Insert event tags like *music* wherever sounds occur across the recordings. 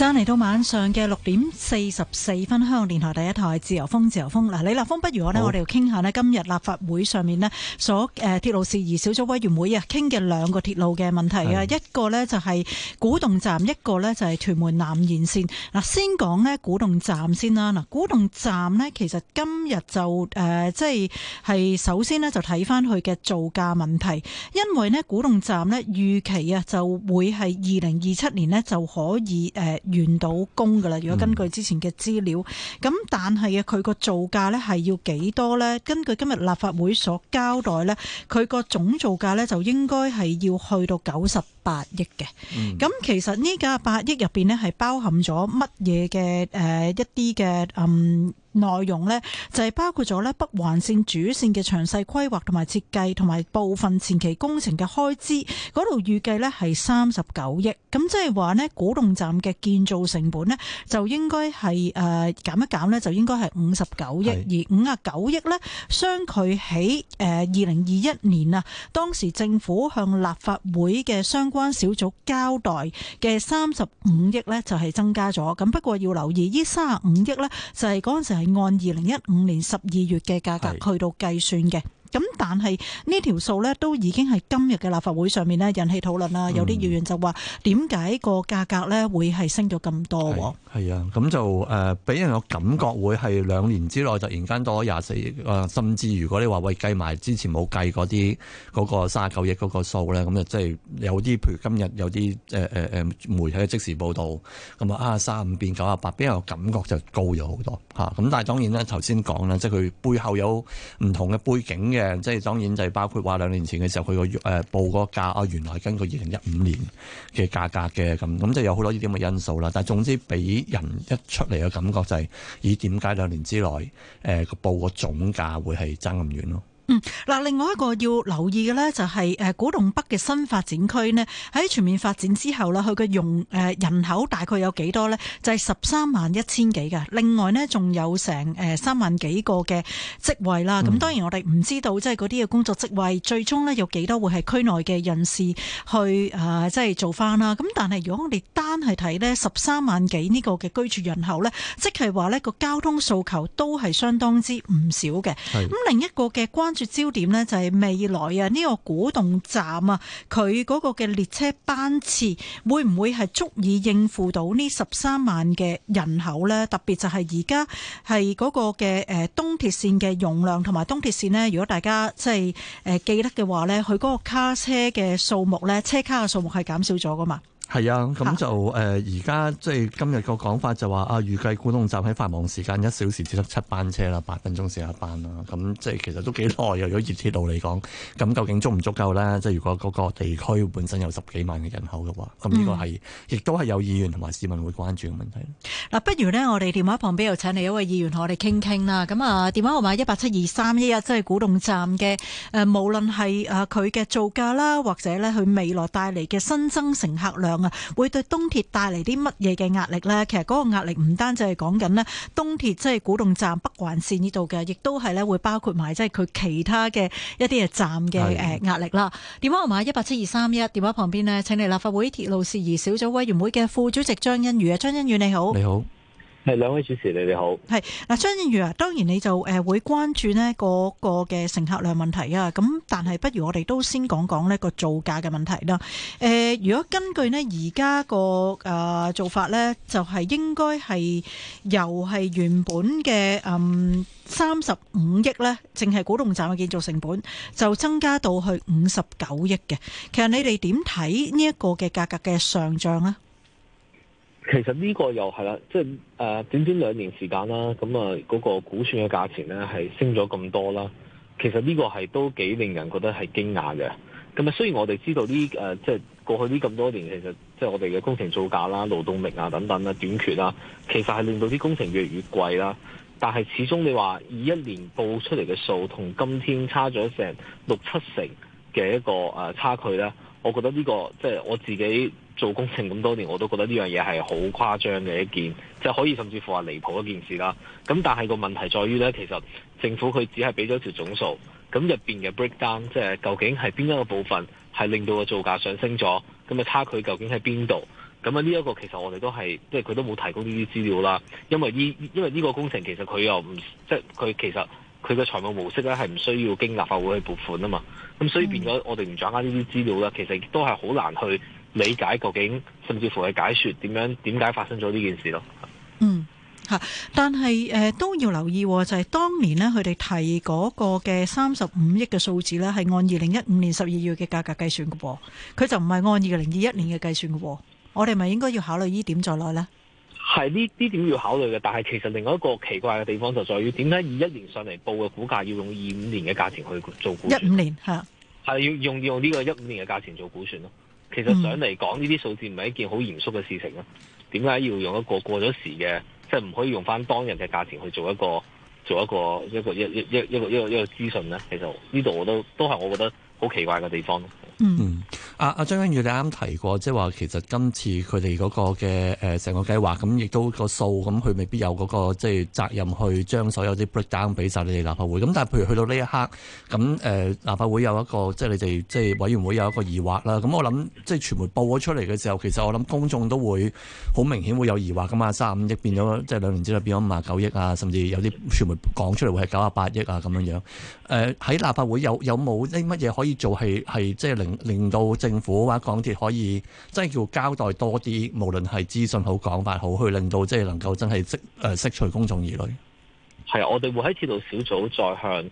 翻嚟到晚上嘅六點四十四分，香港電台第一台自由風，自由風嗱，李立峰，不如我呢我哋要傾下呢今日立法會上面呢所誒鐵、呃、路事宜小組委員會啊，傾嘅兩個鐵路嘅問題啊，一個呢就係古洞站，一個呢就係屯門南延線。嗱，先講呢古洞站先啦。嗱，古洞站呢其實今日就誒、呃，即係首先呢就睇翻佢嘅造價問題，因為呢古洞站呢預期啊就會係二零二七年呢就可以誒。呃完到工噶啦，如果根據之前嘅資料，咁但係啊，佢個造價呢係要幾多呢？根據今日立法會所交代呢，佢個總造價呢就應該係要去到九十八億嘅，咁、嗯、其實呢個八億入邊呢係包含咗乜嘢嘅？誒、呃、一啲嘅嗯內容呢，就係、是、包括咗呢北環綫主綫嘅詳細規劃同埋設計，同埋部分前期工程嘅開支。嗰度預計呢係三十九億，咁即係話呢古洞站嘅建造成本呢，就應該係誒減一減呢就應該係五十九億，而五啊九億呢，相佢喺誒二零二一年啊，當時政府向立法會嘅相。關小組交代嘅三十五億呢，就係增加咗。咁不過要留意，呢三十五億呢，就係嗰陣時係按二零一五年十二月嘅價格去到計算嘅。咁但係呢條數，咧都已經係今日嘅立法會上面咧引起討論啦，有啲議員就話點解個價格咧會係升咗咁多？係、嗯、啊，咁就誒俾、呃、人個感覺會係兩年之內突然間多廿四億啊，甚至如果你話喂計埋之前冇計嗰啲嗰個卅九億嗰個數咧，咁就即係有啲譬如今日有啲誒誒誒媒體嘅即時報道，咁啊啊卅五變九啊八，俾人個感覺就高咗好多吓，咁、啊、但係當然咧頭先講啦，即係佢背後有唔同嘅背景嘅。誒，即係當然就係包括話兩年前嘅時候，佢個誒報嗰個價，原來根據二零一五年嘅價格嘅咁，咁即係有好多呢啲咁嘅因素啦。但係總之，俾人一出嚟嘅感覺就係、是，咦，點解兩年之內誒個報個總價會係爭咁遠咯？嗯，嗱，另外一個要留意嘅咧，就係誒古洞北嘅新發展區咧，喺全面發展之後咧，佢嘅用誒人口大概有幾多咧？就係十三萬一千幾嘅。另外咧，仲有成誒三萬幾個嘅職位啦。咁當然我哋唔知道即係嗰啲嘅工作職位最終咧有幾多會係區內嘅人士去誒即係做翻啦。咁但係如果我哋單係睇咧十三萬幾呢個嘅居住人口咧，即係話咧個交通訴求都係相當之唔少嘅。咁另一個嘅關焦點呢，就係未來啊，呢個古洞站啊，佢嗰個嘅列車班次會唔會係足以應付到呢十三萬嘅人口呢？特別就係而家係嗰個嘅誒東鐵綫嘅容量，同埋東鐵綫呢。如果大家即係誒記得嘅話呢，佢嗰個卡車嘅數目呢，車卡嘅數目係減少咗噶嘛？係啊，咁就誒而家即係今日個講法就話啊，預計古洞站喺繁忙時間一小時只得七班車啦，八分鐘時一班啦。咁即係其實都幾耐，又如果熱鐵路嚟講，咁究竟足唔足夠呢？即係如果嗰個地區本身有十幾萬嘅人口嘅話，咁呢個係亦都係有議員同埋市民會關注嘅問題。嗱、嗯啊，不如呢，我哋電話旁邊又請嚟一位議員同我哋傾傾啦。咁啊，電話號碼一八七二三一一，即係古洞站嘅誒，無論係啊佢嘅造價啦，或者呢，佢未來帶嚟嘅新增乘客量會對東鐵帶嚟啲乜嘢嘅壓力呢？其實嗰個壓力唔單止係講緊咧東鐵即係古洞站北環線呢度嘅，亦都係咧會包括埋即係佢其他嘅一啲嘅站嘅誒壓力啦。電話號碼一八七二三一，電話旁邊呢，請嚟立法會鐵路事宜小組委員會嘅副主席張欣宇。啊，張欣宇，你好。你好。係兩位主持，你哋好。係嗱，張欣宇啊，當然你就誒會關注呢個個嘅乘客量問題啊。咁但係不如我哋都先講講呢個造價嘅問題啦。誒，如果根據呢而家個誒做法呢，就係應該係由係原本嘅嗯三十五億呢，淨係古洞站嘅建造成本，就增加到去五十九億嘅。其實你哋點睇呢一個嘅價格嘅上漲呢？其實呢個又係啦，即係誒短短兩年時間啦，咁啊嗰個估算嘅價錢咧係升咗咁多啦。其實呢個係都幾令人覺得係驚訝嘅。咁啊，雖然我哋知道呢誒，即係過去呢咁多年，其實即係我哋嘅工程造價啦、勞動力啊等等啊短缺啦，其實係令到啲工程越嚟越貴啦。但係始終你話二一年報出嚟嘅數同今天差咗成六七成嘅一個誒差距咧，我覺得呢、這個即係、就是、我自己，做工程咁多年，我都覺得呢樣嘢係好誇張嘅一件，即係可以甚至乎話離譜一件事啦。咁但係個問題在於咧，其實政府佢只係俾咗條總數，咁入邊嘅 breakdown，即係究竟係邊一個部分係令到個造價上升咗，咁嘅差距究竟喺邊度？咁啊呢一個其實我哋都係，即係佢都冇提供呢啲資料啦。因為呢，因為呢個工程其實佢又唔即係佢其實佢嘅財務模式咧係唔需要經立法會去撥款啊嘛。咁所以變咗我哋唔掌握呢啲資料啦，其實亦都係好難去。理解究竟，甚至乎係解說點樣點解發生咗呢件事咯？嗯，嚇，但係誒、呃、都要留意、哦，就係、是、當年呢，佢哋提嗰個嘅三十五億嘅數字呢，係按二零一五年十二月嘅價格計算嘅噃、哦。佢就唔係按二零二一年嘅計算嘅喎、哦。我哋咪應該要考慮呢點在內呢？係呢啲點要考慮嘅？但係其實另外一個奇怪嘅地方就在於點解二一年上嚟報嘅估價要用二五年嘅價錢去做估算？一五年嚇係要用用呢個一五年嘅價錢做估算咯。嗯、其實上嚟講呢啲數字唔係一件好嚴肅嘅事情咯，點解要用一個過咗時嘅，即係唔可以用翻當日嘅價錢去做一個做一個一個一一一個一個一個一個一個資訊咧？其實呢度我都都係我覺得好奇怪嘅地方咯。嗯。阿、啊、阿張欣宇，你啱提過，即係話其實今次佢哋嗰個嘅誒成個計劃，咁亦都、那個數，咁佢未必有嗰、那個即係責任去將所有啲 breakdown 俾晒你哋立法會。咁但係譬如去到呢一刻，咁誒、呃、立法會有一個即係你哋即係委員會有一個疑惑啦。咁我諗即係傳媒報咗出嚟嘅時候，其實我諗公眾都會好明顯會有疑惑噶嘛。三十五億變咗即係兩年之內變咗五十九億啊，甚至有啲傳媒講出嚟會係九十八億啊咁樣樣。誒、呃、喺立法會有有冇啲乜嘢可以做係係即係令令到即政府或港鐵可以即係、就是、叫交代多啲，無論係資訊好講法好，去令到即係能夠真係釋誒、啊、釋除公眾疑慮。係啊，我哋會喺鐵路小組再向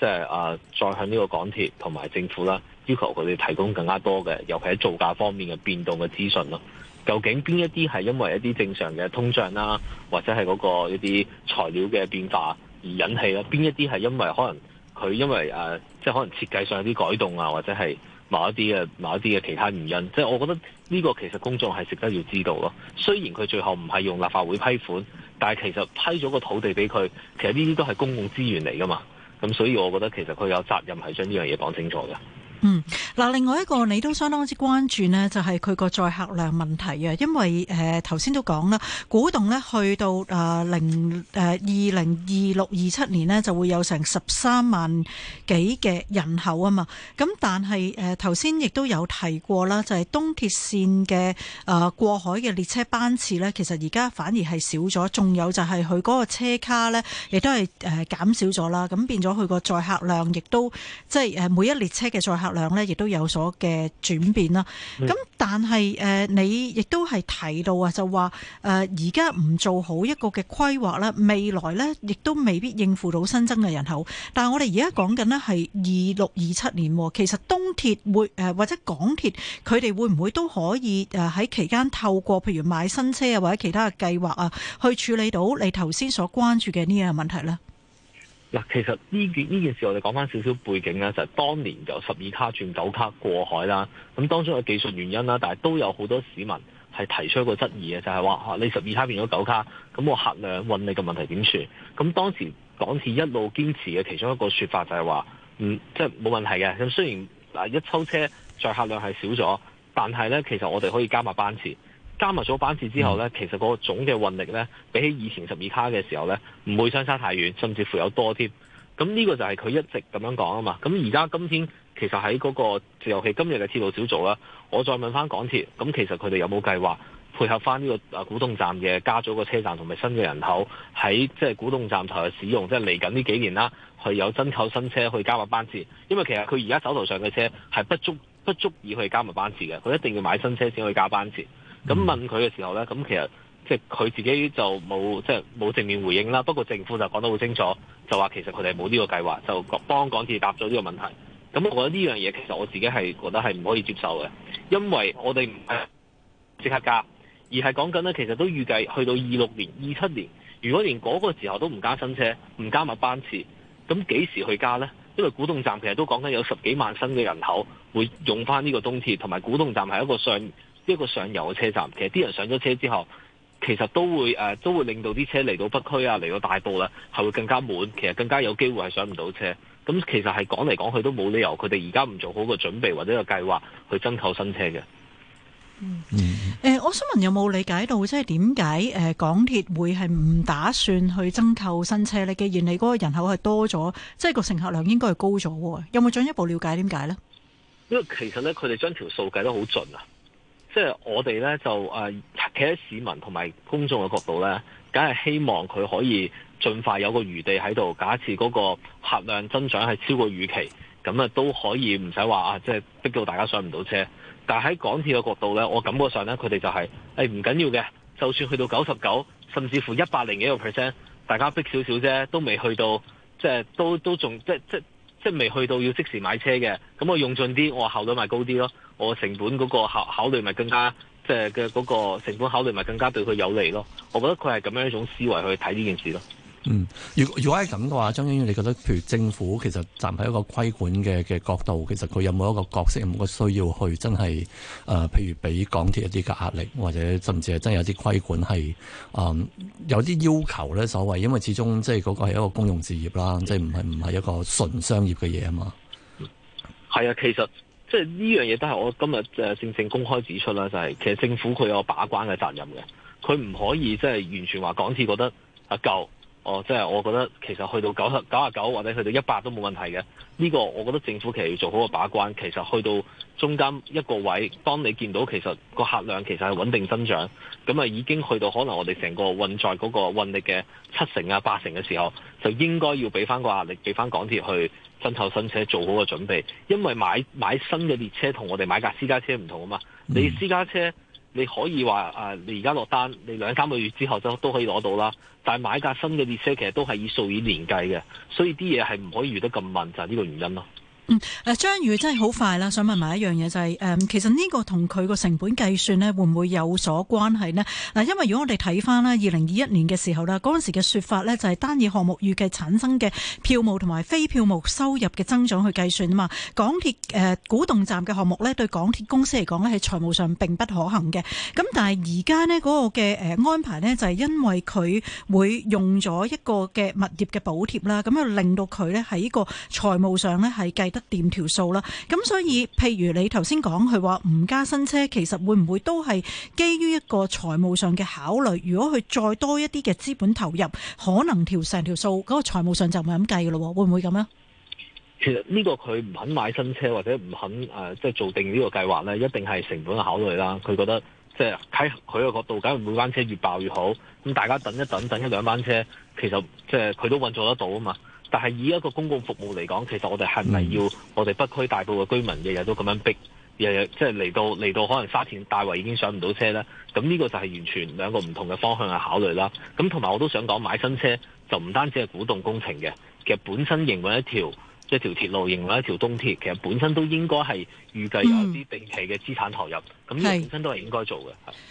即係誒再向呢個港鐵同埋政府啦，要求佢哋提供更加多嘅，尤其喺造價方面嘅變動嘅資訊咯。究竟邊一啲係因為一啲正常嘅通脹啦、啊，或者係嗰個一啲材料嘅變化而引起啦？邊一啲係因為可能佢因為誒即係可能設計上有啲改動啊，或者係。某一啲嘅某一啲嘅其他原因，即係我覺得呢個其實公眾係值得要知道咯。雖然佢最後唔係用立法會批款，但係其實批咗個土地俾佢，其實呢啲都係公共資源嚟噶嘛。咁所以我覺得其實佢有責任係將呢樣嘢講清楚嘅。嗯，嗱，另外一個你都相當之關注咧，就係佢個載客量問題啊，因為誒頭先都講啦，古洞咧去到誒零誒二零二六二七年咧就會有成十三萬幾嘅人口啊嘛，咁但係誒頭先亦都有提過啦，就係、是、東鐵綫嘅誒、呃、過海嘅列車班次咧，其實而家反而係少咗，仲有就係佢個車卡咧，亦都係誒減少咗啦，咁變咗佢個載客量亦都即係誒每一列車嘅載客。量咧亦都有所嘅轉變啦，咁但係誒、呃、你亦都係提到啊，就話誒而家唔做好一個嘅規劃咧，未來呢亦都未必應付到新增嘅人口。但係我哋而家講緊呢係二六二七年，其實東鐵會誒、呃、或者港鐵佢哋會唔會都可以誒喺期間透過譬如買新車啊或者其他嘅計劃啊，去處理到你頭先所關注嘅呢樣問題呢？嗱，其實呢件呢件事，我哋講翻少少背景咧，就係當年由十二卡轉九卡過海啦。咁當中有技術原因啦，但係都有好多市民係提出一個質疑嘅，就係話嚇你十二卡變咗九卡，咁我客量運你嘅問題點算？咁當時港鐵一路堅持嘅其中一個說法就係話，嗯，即係冇問題嘅。咁雖然嗱一抽車載客量係少咗，但係咧其實我哋可以加埋班次。加密咗班次之後呢，其實個總嘅運力呢，比起以前十二卡嘅時候呢，唔會相差太遠，甚至乎有多添。咁呢個就係佢一直咁樣講啊嘛。咁而家今天其實喺嗰、嗰個，尤其今日嘅鐵路小組啦，我再問翻港鐵，咁其實佢哋有冇計劃配合翻呢個啊古洞站嘅加咗個車站同埋新嘅人口喺即係古洞站台嘅使用，即係嚟緊呢幾年啦，去有增購新車去加密班次，因為其實佢而家手頭上嘅車係不足不足以去加密班次嘅，佢一定要買新車先去加班次。咁問佢嘅時候呢，咁其實即係佢自己就冇即係冇正面回應啦。不過政府就講得好清楚，就話其實佢哋冇呢個計劃，就幫港鐵答咗呢個問題。咁我覺得呢樣嘢其實我自己係覺得係唔可以接受嘅，因為我哋唔係即刻加，而係講緊呢，其實都預計去到二六年、二七年，如果連嗰個時候都唔加新車、唔加密班次，咁幾時去加呢？因為古洞站其實都講緊有十幾萬新嘅人口會用翻呢個東鐵，同埋古洞站係一個上一個上游嘅車站，其實啲人上咗車之後，其實都會誒、啊、都會令到啲車嚟到北區啊，嚟到大埔啦，係會更加滿，其實更加有機會係上唔到車。咁其實係講嚟講去都冇理由，佢哋而家唔做好個準備或者個計劃去增購新車嘅。嗯，誒、嗯呃，我想問有冇理解到，即係點解誒港鐵會係唔打算去增購新車呢？你既然你嗰個人口係多咗，即係個乘客量應該係高咗，有冇進一步了解點解呢？因為其實咧，佢哋將條數計得好盡啊。即、我哋呢，就誒企喺市民同埋公眾嘅角度呢，梗係希望佢可以盡快有個餘地喺度。假設嗰個客量增長係超過預期，咁啊都可以唔使話啊，即、逼到大家上唔到車。但係喺港鐵嘅角度呢，我感覺上呢，佢哋就係誒唔緊要嘅，就算去到九十九，甚至乎一百零幾個 percent，大家逼少少啫，都未去到即係都都仲即即即，即未去到要即時買車嘅。咁我用盡啲，我效率咪高啲咯。我成本嗰個考考慮咪更加，即係嘅個成本考慮咪更加對佢有利咯。我覺得佢係咁樣一種思維去睇呢件事咯。嗯，如如果係咁嘅話，張欣宇你覺得譬如政府其實站喺一個規管嘅嘅角度，其實佢有冇一個角色，有冇個需要去真係，誒、呃，譬如俾港鐵一啲嘅壓力，或者甚至係真係有啲規管係，嗯，有啲要求咧？所謂因為始終即係嗰個係一個公用事業啦，即係唔係唔係一個純商業嘅嘢啊嘛。係啊，其實。即係呢樣嘢都係我今日正正公開指出啦，就係、是、其實政府佢有把關嘅責任嘅，佢唔可以即係完全話港鐵覺得啊夠。哦，即係我覺得其實去到九十九、九或者去到一百都冇問題嘅。呢個我覺得政府其實要做好個把關。其實去到中間一個位，當你見到其實個客量其實係穩定增長，咁啊已經去到可能我哋成個運載嗰個運力嘅七成啊八成嘅時候，就應該要俾翻個壓力俾翻港鐵去增購新車，做好個準備。因為買買新嘅列車同我哋買架私家車唔同啊嘛，你私家車。你可以話啊，你而家落單，你兩三個月之後都都可以攞到啦。但係買架新嘅列車，其實都係以數以年計嘅，所以啲嘢係唔可以預得咁問，就係、是、呢個原因咯。嗯，嗱，張宇真係好快啦，想問埋一樣嘢就係、是，誒、嗯，其實呢個同佢個成本計算呢會唔會有所關係呢？嗱，因為如果我哋睇翻啦，二零二一年嘅時候啦，嗰時時嘅說法呢，就係單以項目預計產生嘅票務同埋非票務收入嘅增長去計算啊嘛。港鐵誒古洞站嘅項目呢，對港鐵公司嚟講呢係財務上並不可行嘅。咁但係而家呢，嗰個嘅安排呢，就係因為佢會用咗一個嘅物業嘅補貼啦，咁又令到佢呢，喺個財務上呢，係計。得掂條數啦，咁所以，譬如你頭先講佢話唔加新車，其實會唔會都係基於一個財務上嘅考慮？如果佢再多一啲嘅資本投入，可能條成條數嗰、嗰個財務上就唔係咁計噶咯，會唔會咁啊？其實呢個佢唔肯買新車或者唔肯誒，即、呃、係做定呢個計劃呢，一定係成本嘅考慮啦。佢覺得即係喺佢個角度，梗係每班車越爆越好。咁大家等一等，等一兩班車，其實即係佢都運作得到啊嘛。但係以一個公共服務嚟講，其實我哋係咪要我哋北區大部分居民日日都咁樣逼，日日即係嚟到嚟到可能沙田大圍已經上唔到車呢？咁呢個就係完全兩個唔同嘅方向去考慮啦。咁同埋我都想講，買新車就唔單止係古洞工程嘅，其實本身營運一條。一條鐵路型啦，一條東鐵，其實本身都應該係預計有啲定期嘅資產投入，咁、嗯、呢本身都係應該做嘅。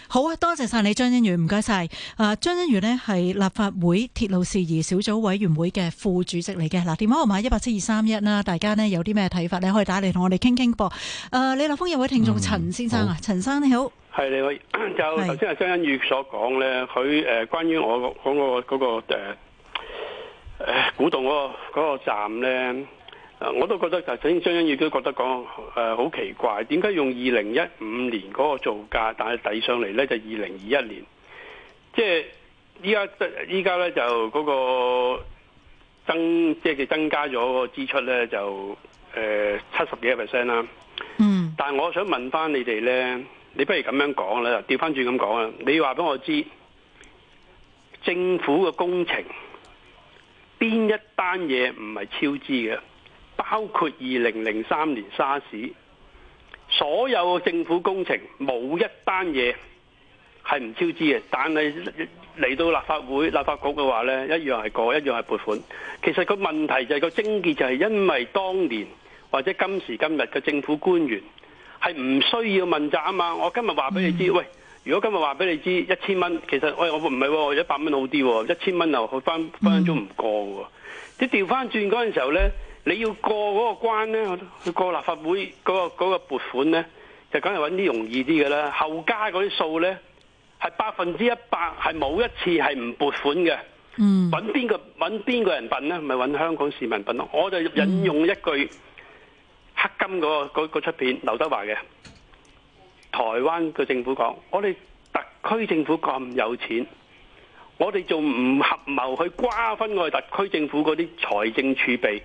好啊，多謝晒你張欣宇，唔該晒。啊，張欣宇呢係立法會鐵路事宜小組委員會嘅副主席嚟嘅。嗱、啊，電話號碼一八七二三一啦，大家呢有啲咩睇法，你可以打嚟同我哋傾傾噃。誒、啊，李立峰有位聽眾陳先生啊，陳、嗯、生你好，係你好。就頭先阿張欣宇所講咧，佢誒、呃、關於我、那個嗰、那個誒誒、那個呃、古洞嗰、那個、那個站咧。我都覺得就頭先張欣宇都覺得講誒好奇怪，點解用二零一五年嗰個造價，但係抵上嚟咧就二零二一年？即係依家依家咧就嗰個增，即係佢增加咗個支出咧就誒七十幾個 percent 啦。嗯，但係我想問翻你哋咧，你不如咁樣講啦，調翻轉咁講啊，你話俾我知政府嘅工程邊一單嘢唔係超支嘅？包括二零零三年沙士，所有政府工程冇一單嘢係唔超支嘅。但係嚟到立法會、立法局嘅話呢，一樣係過，一樣係撥款。其實個問題就係個症結就係因為當年或者今時今日嘅政府官員係唔需要問責啊嘛。我今日話俾你知，mm -hmm. 喂，如果今日話俾你知一千蚊，其實喂我唔係、哦、一百蚊好啲，1, 一千蚊又返翻翻鐘唔過喎、哦。你調翻轉嗰陣時候呢。你要過嗰個關呢，去過立法會嗰、嗰個撥、嗰個、撥款呢，就梗係揾啲容易啲嘅啦。後加嗰啲數呢，係百分之一百係冇一次係唔撥款嘅。揾、嗯、邊個揾邊個人笨呢？唔咪揾香港市民笨咯。我就引用一句、嗯、黑金嗰嗰、嗰個出片，劉德華嘅台灣嘅政府講：我哋特區政府咁有錢，我哋仲唔合謀去瓜分我哋特區政府嗰啲財政儲備？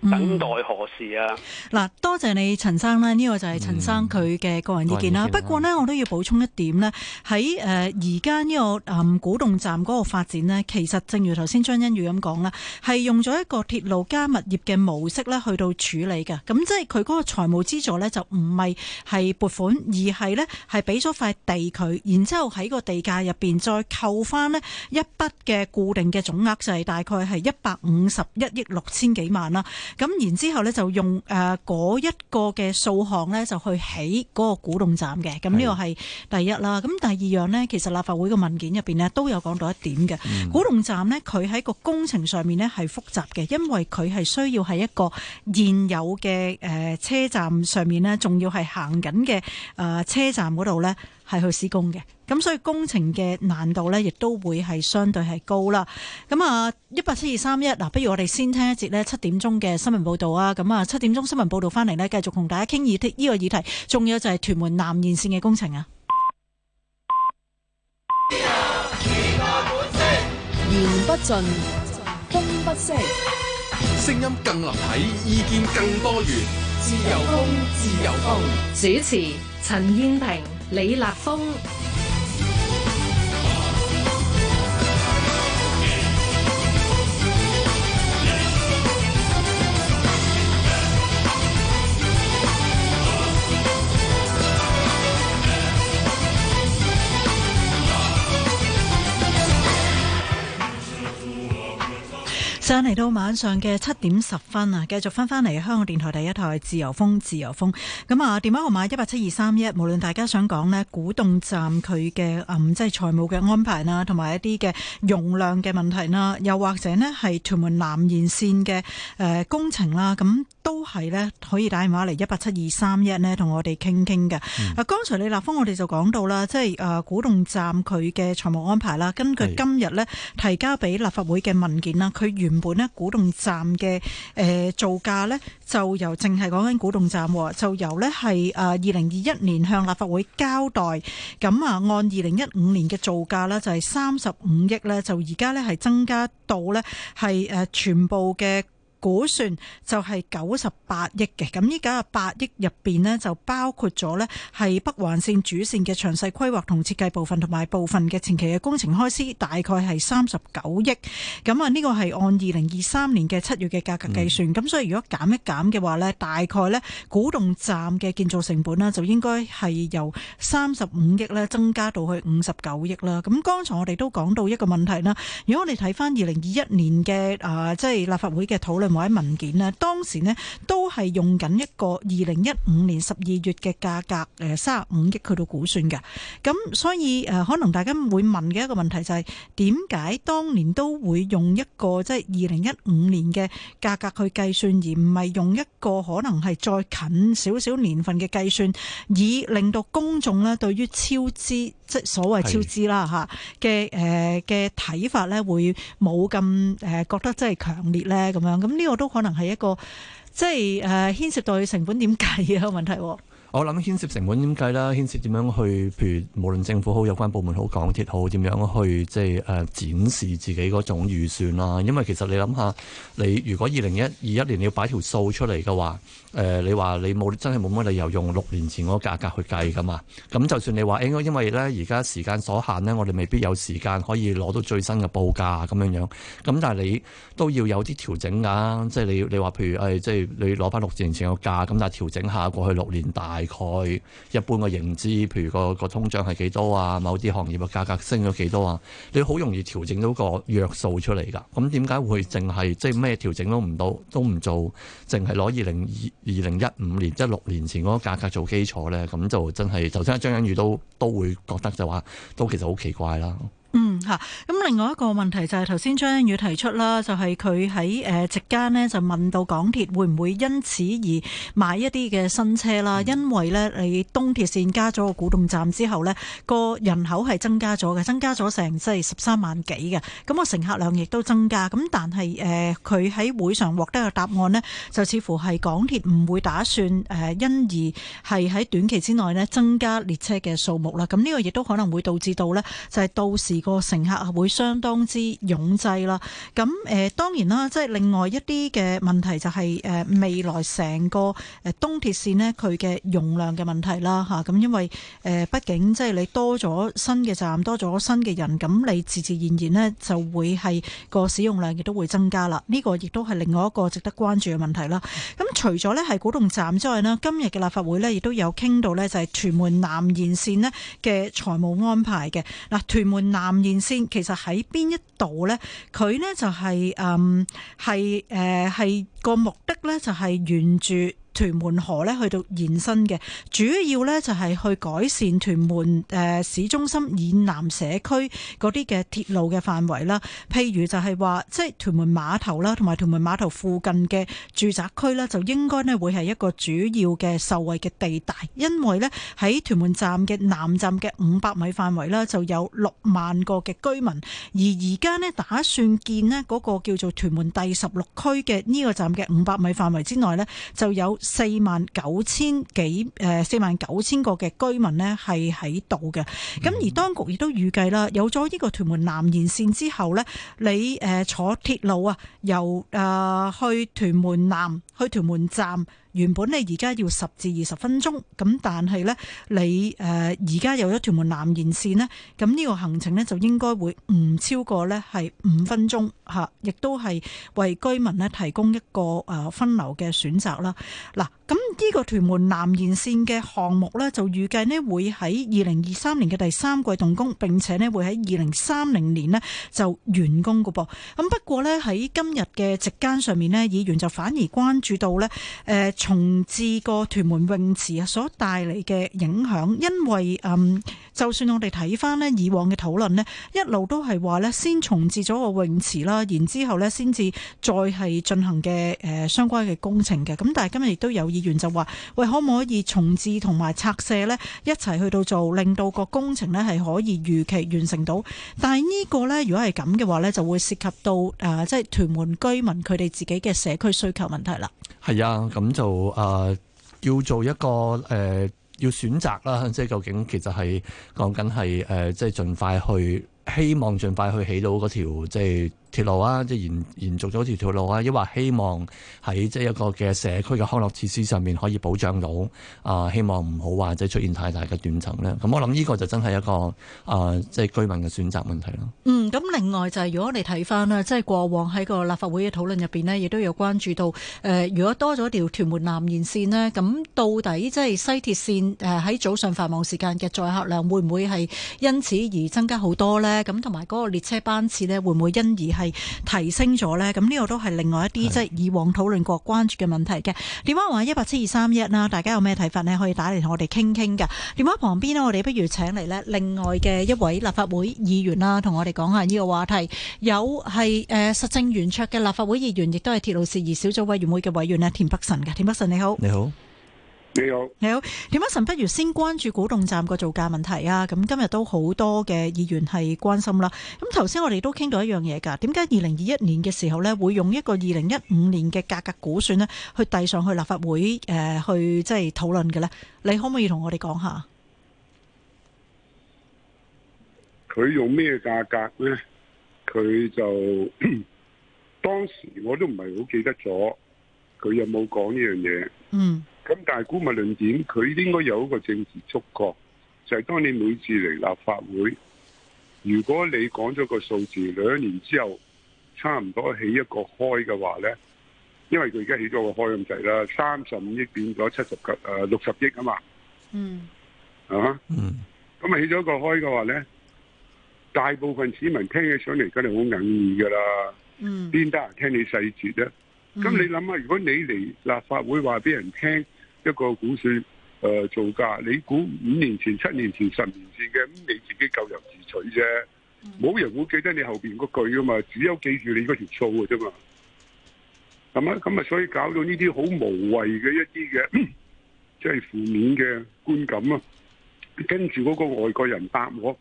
嗯、等待何時啊？嗱，多謝你陳，陳生啦。呢個就係陳生佢嘅個人意見啦、嗯。不過呢，我都要補充一點呢，喺誒而家呢個誒古洞站嗰個發展呢，其實正如頭先張欣宇咁講啦，係用咗一個鐵路加物業嘅模式呢去到處理嘅。咁即係佢嗰個財務資助呢，就唔係係撥款，而係呢係俾咗塊地佢，然之後喺個地價入面再扣翻呢一筆嘅固定嘅總額，就係、係、大概係一百五十一億六千幾萬啦。咁然之後咧，就用誒嗰、呃、一個嘅數項咧，就去起嗰個古洞站嘅。咁呢個係第一啦。咁第二樣呢，其實立法會嘅文件入面呢，都有講到一點嘅、嗯。古洞站呢，佢喺個工程上面呢係複雜嘅，因為佢係需要喺一個現有嘅誒、呃、車站上面呢，仲要係行緊嘅誒車站嗰度呢，係去施工嘅，咁所以工程嘅難度呢，亦都會係相對係高啦。咁啊，一八七二三一嗱，不如我哋先聽一節呢七點鐘嘅新聞報道啊。咁啊，七點鐘新聞報道翻嚟呢，繼續同大家傾二呢個議題。仲有就係屯門南延綫嘅工程啊。言不盡，風不息，聲音更立體，意見更多元。自由風，自由風。主持：陳燕平。李立峰。咁嚟到晚上嘅七點十分啊，繼續翻翻嚟香港電台第一台自由風，自由風。咁啊，電話號碼一八七二三一。無論大家想講呢古洞站佢嘅、嗯、即係財務嘅安排啦，同埋一啲嘅容量嘅問題啦，又或者呢係屯門南延線嘅誒、呃、工程啦，咁、啊、都係呢可以打電話嚟一八七二三一呢，同我哋傾傾嘅。啊、嗯，剛才李立峯我哋就講到啦，即係誒古洞站佢嘅財務安排啦，根據今日呢提交俾立法會嘅文件啦，佢原本呢古洞站嘅誒、呃、造價呢，就由淨係講緊古洞站，就由呢係誒二零二一年向立法會交代，咁啊按二零一五年嘅造價呢，就係三十五億呢，就而家呢係增加到呢係誒全部嘅。估算就係九十八億嘅，咁依家啊八億入邊咧就包括咗咧係北環綫主綫嘅詳細規劃同設計部分，同埋部分嘅前期嘅工程開支，大概係三十九億，咁啊呢個係按二零二三年嘅七月嘅價格計算。咁、嗯、所以如果減一減嘅話咧，大概咧古洞站嘅建造成本啦，就應該係由三十五億咧增加到去五十九億啦。咁剛才我哋都講到一個問題啦，如果你睇翻，二零二一年嘅啊即係立法會嘅討論。或者文件咧，當時咧都係用緊一個二零一五年十二月嘅價格誒三十五億去到估算嘅。咁所以誒、呃、可能大家會問嘅一個問題就係點解當年都會用一個即係二零一五年嘅價格去計算，而唔係用一個可能係再近少少年份嘅計算，以令到公眾咧對於超支即係所謂超支啦吓嘅誒嘅睇法咧，會冇咁誒覺得真係強烈咧咁樣咁。呢個都可能係一個即係誒牽涉到成本點計嘅問題。我諗牽涉成本點計啦，牽涉點樣去，譬如無論政府好、有關部門好、港鐵好，點樣去即係誒展示自己嗰種預算啦。因為其實你諗下，你如果二零二一年你要擺條數出嚟嘅話。誒、呃，你話你冇真係冇乜理由用六年前嗰個價格去計㗎嘛？咁就算你話應該因為咧而家時間所限咧，我哋未必有時間可以攞到最新嘅報價咁樣樣。咁但係你都要有啲調整㗎，即係你你話譬如，哎、即係你攞翻六年前個價，咁但係調整下過去六年大概一般嘅認知，譬如個，個通脹係幾多啊？某啲行業嘅價格升咗幾多啊？你好容易調整到個約數出嚟㗎。咁點解會淨係即係咩調整都唔到，都唔做，淨係攞二零二二零一五年、一六年前嗰個價格做基礎咧，咁就真係，頭先阿張欣宇都都會覺得就話都其實好奇怪啦。嗯吓，咁另外一個問題就係頭先張欣宇提出啦，就係佢喺誒席間咧就問到港鐵會唔會因此而買一啲嘅新車啦、嗯，因為咧你東鐵綫加咗個古洞站之後咧，個人口係增加咗嘅，增加咗成即係十三萬幾嘅，咁、那、啊、個、乘客量亦都增加。咁但係誒佢喺會上獲得嘅答案咧，就似乎係港鐵唔會打算誒因而係喺短期之內咧增加列車嘅數目啦。咁呢個亦都可能會導致到咧就係到時。個乘客會相當之擁擠啦，咁誒當然啦，即係另外一啲嘅問題就係、是、誒未來成個誒東鐵線呢，佢嘅容量嘅問題啦嚇，咁因為誒畢竟即係你多咗新嘅站，多咗新嘅人，咁你自自然然呢就會係個使用量亦都會增加啦。呢、這個亦都係另外一個值得關注嘅問題啦。咁除咗呢係古洞站之外呢，今日嘅立法會呢亦都有傾到呢就係屯門南延線呢嘅財務安排嘅嗱，屯門南。談現先，其實喺邊一度呢？佢呢就係誒係誒係個目的呢，就係沿住。屯門河咧去到延伸嘅，主要咧就係去改善屯門、呃、市中心以南社區嗰啲嘅鐵路嘅範圍啦。譬如就係話，即係屯門碼頭啦，同埋屯門碼頭附近嘅住宅區呢，就應該呢會係一個主要嘅受惠嘅地帶，因為呢，喺屯門站嘅南站嘅五百米範圍啦，就有六萬個嘅居民，而而家呢，打算建呢嗰個叫做屯門第十六區嘅呢個站嘅五百米範圍之內呢，就有。四萬九千幾誒、呃、四萬九千個嘅居民呢係喺度嘅，咁而當局亦都預計啦，有咗呢個屯門南延線之後呢，你誒、呃、坐鐵路啊，由誒、呃、去屯門南。去屯門站，原本你而家要十至二十分鐘，咁但係呢，你誒而家有咗屯門南延線呢，咁呢個行程呢，就應該會唔超過呢係五分鐘嚇，亦都係為居民呢提供一個誒分流嘅選擇啦。嗱。咁呢個屯門南延線嘅項目呢，就預計呢會喺二零二三年嘅第三季動工，並且呢會喺二零三零年呢就完工㗎噃。咁不過呢，喺今日嘅席間上面呢，議員就反而關注到呢，誒重置個屯門泳池啊所帶嚟嘅影響，因為就算我哋睇翻呢以往嘅討論呢，一路都係話呢，先重置咗個泳池啦，然之後呢，先至再係進行嘅相關嘅工程嘅。咁但係今日亦都有意議員就話：喂，可唔可以重置同埋拆卸呢？一齊去到做，令到個工程呢係可以預期完成到。但係呢個呢，如果係咁嘅話呢，就會涉及到誒，即、呃、係、即係、屯門居民佢哋自己嘅社區需求問題啦。係啊，咁就誒、呃、要做一個誒、呃、要選擇啦，即係究竟其實係講緊係誒，即係盡快去希望盡快去起到嗰條即係。鐵路啊，即係延延續咗條鐵路啊，抑或希望喺即係一個嘅社區嘅康樂設施上面可以保障到啊、呃，希望唔好話即出現太大嘅斷層咧。咁我諗呢個就真係一個啊、呃，即係居民嘅選擇問題咯。嗯，咁另外就係、是、如果你睇翻咧，即係過往喺個立法會嘅討論入邊呢，亦都有關注到誒、呃，如果多咗一條屯門南延線呢，咁到底即係西鐵線誒喺早上繁忙時間嘅載客量會唔會係因此而增加好多呢？咁同埋嗰個列車班次呢，會唔會因而？係提升咗呢，咁呢個都係另外一啲即係以往討論過關注嘅問題嘅。電話號碼一八七二三一啦，17231，大家有咩睇法呢？可以打嚟同我哋傾傾㗎。電話旁邊呢，我哋不如請嚟呢另外嘅一位立法會議員啦，同我哋講下呢個話題。有係誒，實政圓桌嘅立法會議員，亦都係鐵路事宜小組委員會嘅委員呢田北辰嘅。田北辰，田北辰你好。你好。你好，你好，點啊？神，不如先關注古洞站個造價問題啊！咁今日都好多嘅議員係關心啦。咁頭先我哋都傾到一樣嘢噶，點解二零二一年嘅時候呢，會用一個二零一五年嘅價格估算呢去遞上去立法會誒，去即係討論嘅呢？你可唔可以同我哋講下？佢用咩價格呢？佢就當時我都唔係好記得咗，佢有冇講呢樣嘢？嗯。咁但係姑勿論點，佢應該有一個政治觸角，就係、是、當你每次嚟立法會，如果你講咗個數字，兩年之後差唔多起一個開嘅話咧，因為佢而家起咗個開咁滯啦，三十五億變咗七十幾誒六十億啊嘛，嗯，啊、嗯，咁啊起咗個開嘅話咧，大部分市民聽起上嚟真係好眼耳噶啦，嗯，邊得人聽你細節咧？咁、嗯、你諗下，如果你嚟立法會話俾人聽。一個股市誒、呃、造價，你估五年前、七年前、十年前嘅，咁你自己咎由自取啫。冇、嗯、人會記得你後邊嗰句噶嘛，只有記住你嗰條數嘅啫嘛。咁啊，咁啊，所以搞到呢啲好無謂嘅一啲嘅，即係負面嘅觀感啊。跟住嗰個外國人答我，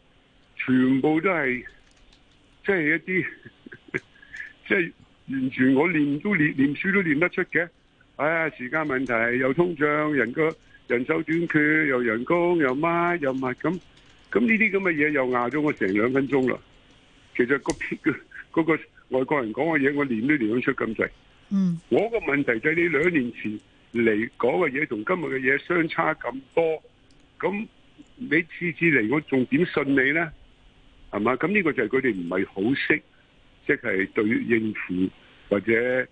全部都係即係一啲，即 *laughs* 係完全我念都念念書都念得出嘅。哎呀時間問題，又通脹，人個人手短缺，又人工又乜又物。咁，咁呢啲咁嘅嘢又壓咗我成兩分鐘啦。其實、個嗰、個外國人講嘅嘢，我念都念唔出咁滯。嗯，我個問題就係你兩年前嚟講嘅嘢，同今日嘅嘢相差咁多，咁你次次嚟我仲點信你咧？係嘛？咁呢個就係佢哋唔係好識，即係對於應付或者。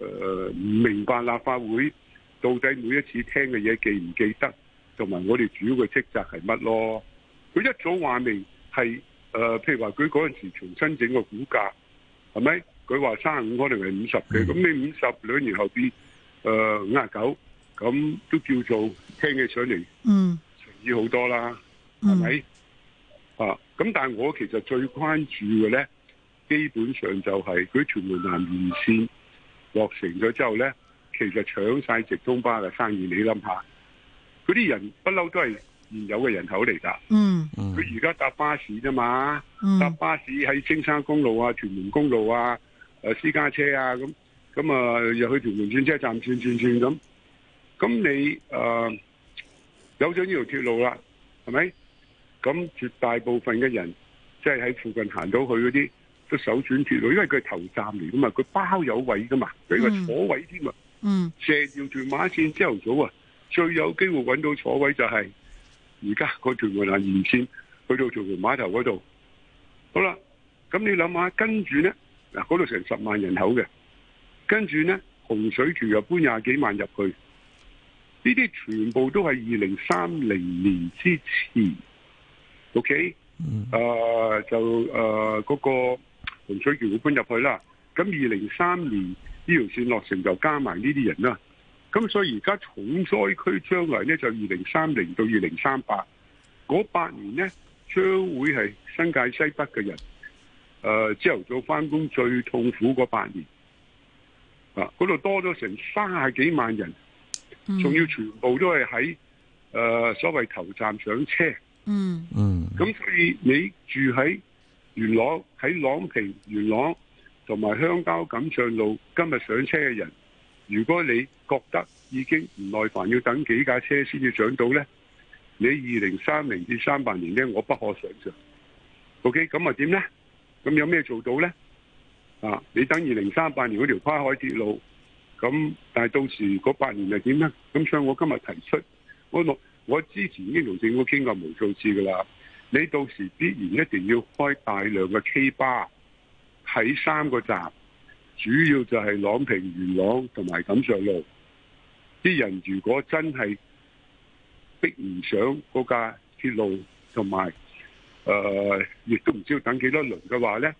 誒、呃，唔明白立法會到底每一次聽嘅嘢記唔記得，同埋我哋主要嘅職責係乜咯？佢一早話明係誒、呃，譬如話佢嗰陣時重新整個股價，係咪？佢話三十五可能係五十嘅，咁你五十兩年後邊誒五十九，咁、呃、都叫做聽起上嚟，誠意好多啦，係咪、嗯？啊，咁但係我其實最關注嘅咧，基本上就係、是、佢屯門南延線。落成咗之後咧，其實搶晒直通巴嘅生意。你諗下，嗰啲人不嬲都係現有嘅人口嚟㗎。嗯，佢而家搭巴士啫嘛，搭巴士喺青山公路啊、屯門公路啊、誒私家車啊咁，咁啊又去屯門轉車站轉轉轉咁。咁你誒、呃、有咗呢條鐵路啦，係咪？咁絕大部分嘅人即係喺附近行到去嗰啲。手轉轉咯，因為佢係頭站嚟噶嘛，佢包有位噶嘛，俾佢坐位添啊！嗯、mm. mm.，成條屯馬綫朝頭早啊，最有機會揾到坐位就係而家個屯門南延綫去到屯門碼頭嗰度。好啦，咁你諗下，跟住咧嗱，嗰度成十萬人口嘅，跟住咧洪水橋又搬廿幾萬入去，呢啲全部都係二零三零年之前。O K，嗯，就啊嗰、呃那個。同洪水橋會搬入去啦，咁二零三年呢條線落成就加埋呢啲人啦，咁所以而家重災區將來呢，就二零三零到二零三八嗰八年呢，將會係新界西北嘅人，誒朝頭早翻工最痛苦嗰八年啊！嗰度多咗成三十幾萬人，仲要全部都係喺誒所謂頭站上車，嗯嗯，咁所以你住喺元朗喺朗屏、元朗同埋鄉郊錦上路，今日上車嘅人，如果你覺得已經唔耐煩，要等幾架車先至上到呢？你二零三零至三八年呢，我不可想像。OK，咁又點呢？咁有咩做到呢？啊，你等二零三八年嗰條跨海鐵路，咁但係到時嗰八年係點呢？咁所以我今日提出，我我之前已經同政府傾過無數次㗎喇。你到時必然一定要開大量嘅 K 巴喺三個站，主要就係朗屏、元朗同埋錦上路。啲人如果真係逼唔上嗰架鐵路，同埋誒亦都唔知要等幾多輪嘅話咧，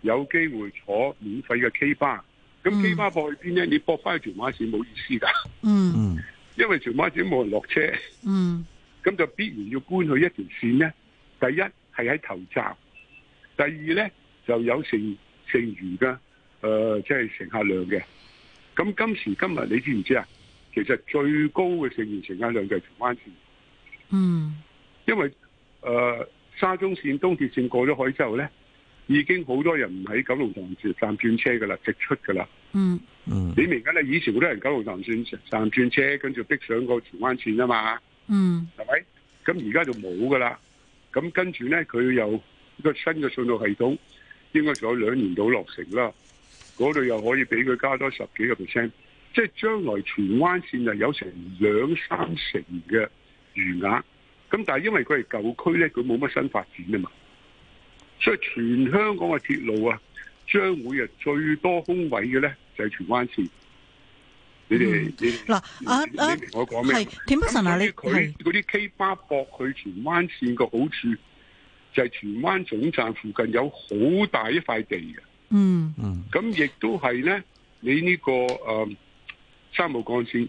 有機會坐免費嘅 K 巴。咁、嗯、K 巴駁去邊咧？你駁翻去屯馬線冇意思㗎。嗯，因為屯馬線冇人落車。嗯，咁就必然要搬去一條線咧。第一係喺頭閘，第二咧就有剩剩餘嘅，誒，即、呃、係、就是、乘客量嘅。咁今時今日你知唔知啊？其實最高嘅剩餘乘客量就係荃灣綫。嗯，因為誒、呃、沙中綫、東鐵綫過咗海之後咧，已經好多人唔喺九龍站轉車噶啦，直出噶啦。嗯嗯，你明梗係，以前好多人九龍站轉站轉車，跟住逼上個荃灣綫啊嘛。嗯，係咪？咁而家就冇噶啦。咁跟住呢，佢有一個新嘅信號系統，應該仲有兩年到落成啦。嗰度又可以俾佢加多十幾個 percent，即係將來荃灣線就有成兩三成嘅餘額。咁但係因為佢係舊區呢，佢冇乜新發展啊嘛，所以全香港嘅鐵路啊，將會啊最多空位嘅呢，就係荃灣線。你哋、嗯、你嗱啊，你係點不神啊，你係佢啲 K 巴駁去荃灣線個好處就係荃灣總站附近有好大一塊地嘅。嗯嗯，咁亦都係咧，你呢、這個誒、呃、三號幹線，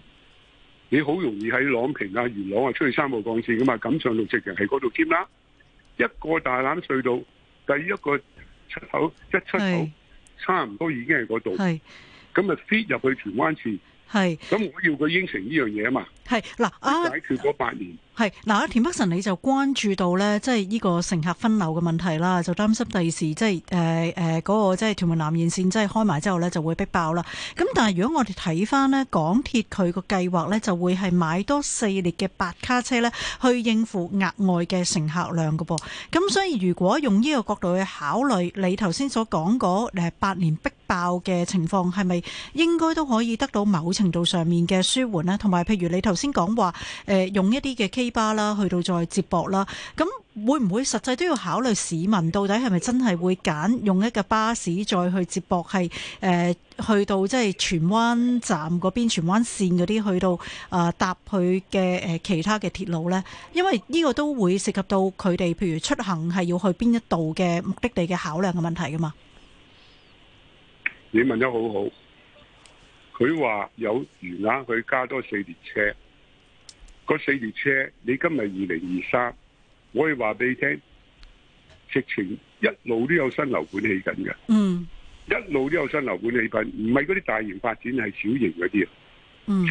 你好容易喺朗平啊、元朗啊出去三號幹線咁嘛，錦上路直程喺嗰度接啦，一個大欖隧道第一個出口，一出口差唔多已經係嗰度，係咁啊 fit 入去荃灣線。係咁，我要佢應承呢樣嘢啊嘛。係嗱啊，解決八年嗱啊，田北辰你就關注到咧，即係呢個乘客分流嘅問題啦，就擔心第時即係誒誒嗰個即係屯門南延線即係開埋之後咧就會逼爆啦。咁但係如果我哋睇翻呢港鐵佢個計劃呢，就會係買多四列嘅八卡車呢，去應付額外嘅乘客量㗎噃。咁所以如果用呢個角度去考慮，你頭先所講嗰八年逼爆嘅情況係咪應該都可以得到某程度上面嘅舒緩呢？同埋譬如你頭先講話誒，用一啲嘅 K 巴啦，去到再接駁啦。咁會唔會實際都要考慮市民到底係咪真係會揀用一架巴士再去接駁？係誒，去到即係荃灣站嗰邊，荃灣線嗰啲去到啊、呃、搭佢嘅誒其他嘅鐵路呢？因為呢個都會涉及到佢哋譬如出行係要去邊一度嘅目的地嘅考量嘅問題噶嘛。你問得好好，佢話有餘額，佢加多四列車。嗰四列車，你今日二零二三，我以話俾你聽，直情一路都有新樓盤起緊嘅，一路都有新樓盤起緊，唔係嗰啲大型發展，係小型嗰啲啊，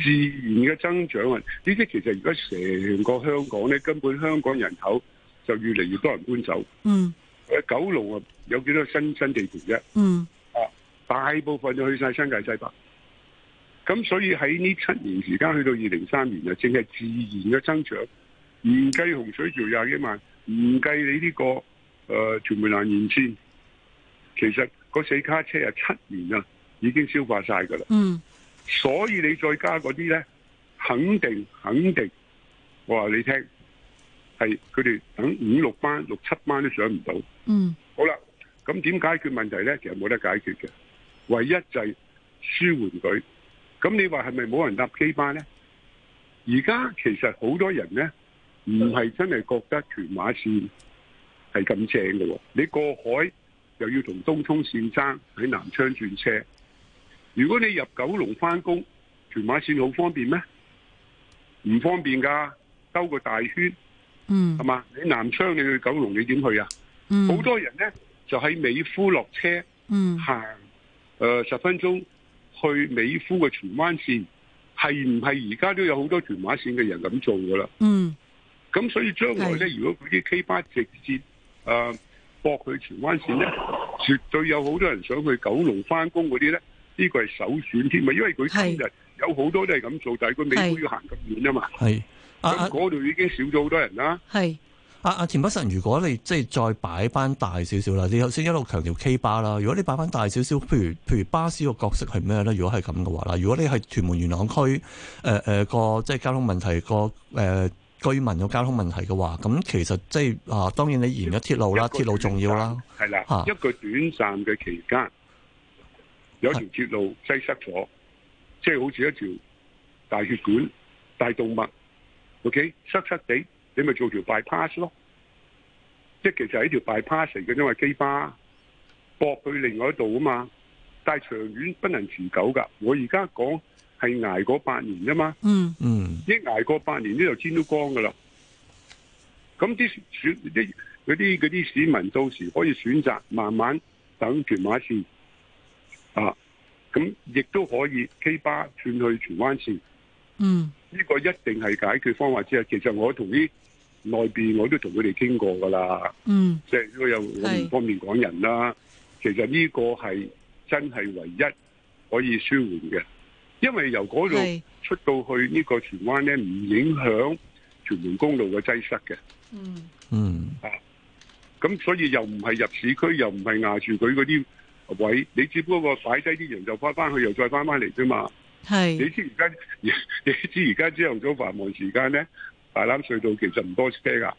自然嘅增長啊，呢啲其實而家成個香港咧，根本香港人口就越嚟越多人搬走，誒、嗯、九龍啊，有幾多新新地盤啫、嗯，啊，大部分就去晒新界西北。咁所以喺呢七年時間去到二零三年啊，淨係自然嘅增長，唔計洪水橋廿幾萬，唔計你呢、這個誒、呃、屯門南延綫，其實個四卡車啊七年啊已經消化晒噶啦。嗯，所以你再加嗰啲咧，肯定肯定，我話你聽，係佢哋等五六班六七班都想唔到。嗯，好啦，咁點解決問題咧？其實冇得解決嘅，唯一就係舒緩佢。咁你話係咪冇人搭機巴咧？而家其實好多人咧，唔係真係覺得屯馬綫係咁正嘅喎。你過海又要同東涌綫爭喺南昌轉車。如果你入九龍返工，屯馬綫好方便咩？唔方便噶，兜個大圈。嗯，係嘛？喺南昌你去九龍你點去啊？好、嗯、多人咧就喺美孚落車，嗯，行誒十分鐘。去美孚嘅荃灣線係唔係而家都有好多屯馬線嘅人咁做噶啦？嗯，咁所以將來咧，如果佢啲 K8 直接誒、呃、駁去荃灣線咧，絕對有好多人想去九龍翻工嗰啲咧，呢個係首選添啊，因為佢先日有好多都係咁做，但係佢美孚要行咁遠啊嘛，咁嗰度已經少咗好多人啦。係。阿、啊、阿田北辰，如果你即係再擺翻大少少啦，你頭先一路強調 K 巴啦，如果你擺翻大少少，譬如譬如巴士個角色係咩咧？如果係咁嘅話啦，如果你係屯門元朗區誒誒個即係交通問題個誒、呃、居民嘅交通問題嘅話，咁其實即係啊，當然你沿咗鐵路啦，鐵路重要啦。係啦、啊，一個短暫嘅期間有條鐵路擠塞咗，即係、就是、好似一條大血管、大動脈，O K，塞塞地。你咪做條 bypass 咯，即係其實係條 bypass 嚟嘅，因為 K 巴駁去另外一度啊嘛，但係長遠不能持久噶。我而家講係挨過八年啫嘛，嗯嗯，一挨過八年呢度天都光噶啦。咁啲選啲嗰啲市民到時可以選擇慢慢等屯馬線啊，咁亦都可以 K 巴轉去荃灣綫。嗯、呢、這個一定係解決方法之一。其實我同啲內邊我都同佢哋傾過噶啦，即係我又我唔方便講人啦。其實呢個係真係唯一可以舒緩嘅，因為由嗰度出到去呢個荃灣咧，唔影響屯門公路嘅擠塞嘅。嗯嗯啊，咁所以又唔係入市區，又唔係挨住佢嗰啲位，你只不過擺低啲人就翻翻去，又再翻翻嚟啫嘛。係你知而家，你知而家朝頭早繁忙時間咧。大欖隧道其實唔多車噶。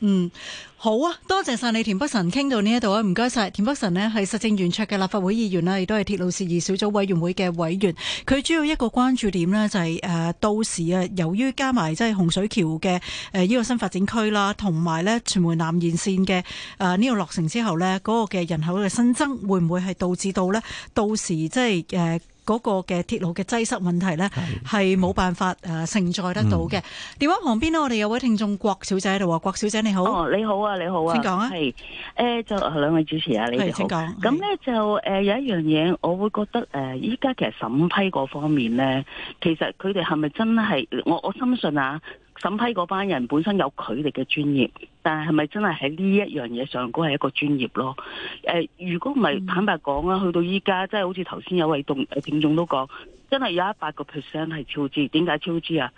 嗯，好啊，多謝晒你，田北辰傾到呢一度啊，唔該晒。田北辰呢係實政圓桌嘅立法會議員啦，亦都係鐵路事宜小組委員會嘅委員。佢主要一個關注點呢，就係、是、誒，到時啊，由於加埋即係洪水橋嘅誒呢個新發展區啦，同埋呢屯門南延綫嘅誒呢個落成之後呢，嗰、那個嘅人口嘅新增會唔會係導致到呢？到時即係誒？呃嗰、那個嘅鐵路嘅擠塞問題咧，係冇辦法誒承載得到嘅、嗯。電話旁邊咧，我哋有位聽眾郭小姐喺度。郭小姐你好。哦，你好啊，你好啊，請講啊。係誒，就兩位主持啊，你哋好。咁咧就誒、呃、有一樣嘢，我會覺得誒依家其實審批嗰方面咧，其實佢哋係咪真係我我深信啊？審批嗰班人本身有佢哋嘅專業，但係係咪真係喺呢一樣嘢上高係一個專業咯？誒、呃、如果唔係、嗯、坦白講啊，去到依家真係好似頭先有位動誒聽眾都講真係有一百個 percent 係超支，點解超支啊？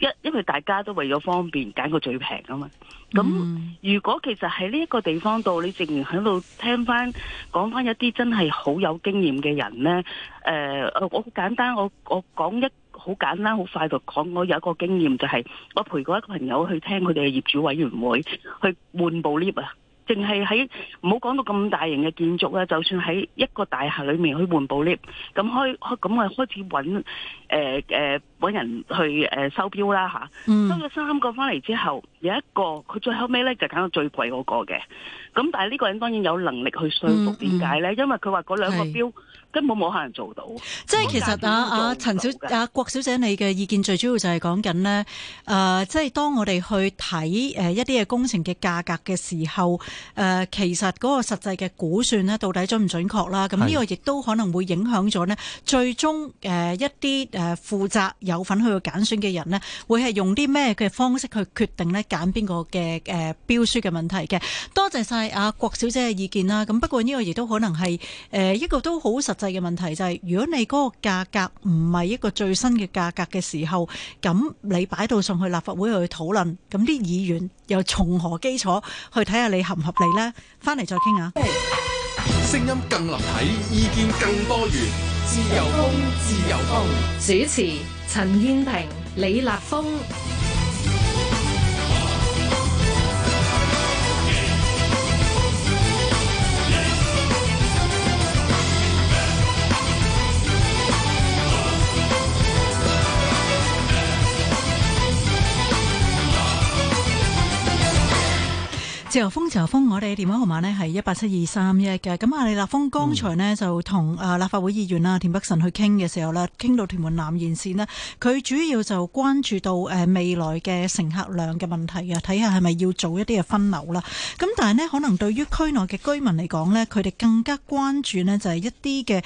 一因為大家都為咗方便揀個最平啊嘛。咁、嗯嗯、如果其實喺呢一個地方度，你仍然喺度聽翻講翻一啲真係好有經驗嘅人咧，誒、呃、我我好簡單我我講一。好簡單好快就講，我有一個經驗就係我陪過一個朋友去聽佢哋嘅業主委員會去換部 lift 啊，淨係喺唔好講到咁大型嘅建築啊，就算喺一個大廈裏面去換部 lift，咁開開咁啊開始揾誒誒揾人去誒收標啦嚇，收咗三個翻嚟之後，有一個佢最後尾咧就揀到最貴嗰個嘅，咁但係呢個人當然有能力去説服點解咧，因為佢話嗰兩個標，根本冇可能做到。即係其實啊阿陳、啊、小阿郭小姐你嘅意見最主要就係講緊咧，誒、呃，即係當我哋去睇誒一啲嘅工程嘅價格嘅時候，誒、呃，其實嗰個實際嘅估算咧到底準唔準確啦？咁呢個亦都可能會影響咗咧，最終誒、呃、一啲誒負責有份去揀選嘅人咧，會係用啲咩嘅方式去決定咧揀邊個嘅誒標書嘅問題嘅。多謝晒阿、啊、郭小姐嘅意見啦。咁不過呢個亦都可能係誒、呃、一個都好實制嘅問題就係，如果你嗰個價格唔係一個最新嘅價格嘅時候，咁你擺到上去立法會去討論，咁啲議員又從何基礎去睇下你合唔合理呢？翻嚟再傾下。聲音更立體，意見更多元，自由風，自由風。主持：陳燕萍、李立峯。自由風，自由風，我哋電話號碼呢係一八七二三一嘅。咁啊，李立峰剛才呢就同啊立法會議員啊田北辰去傾嘅時候呢，傾到屯門南延線呢，佢主要就關注到未來嘅乘客量嘅問題啊，睇下係咪要做一啲嘅分流啦。咁但係呢，可能對於區內嘅居民嚟講呢，佢哋更加關注呢就係一啲嘅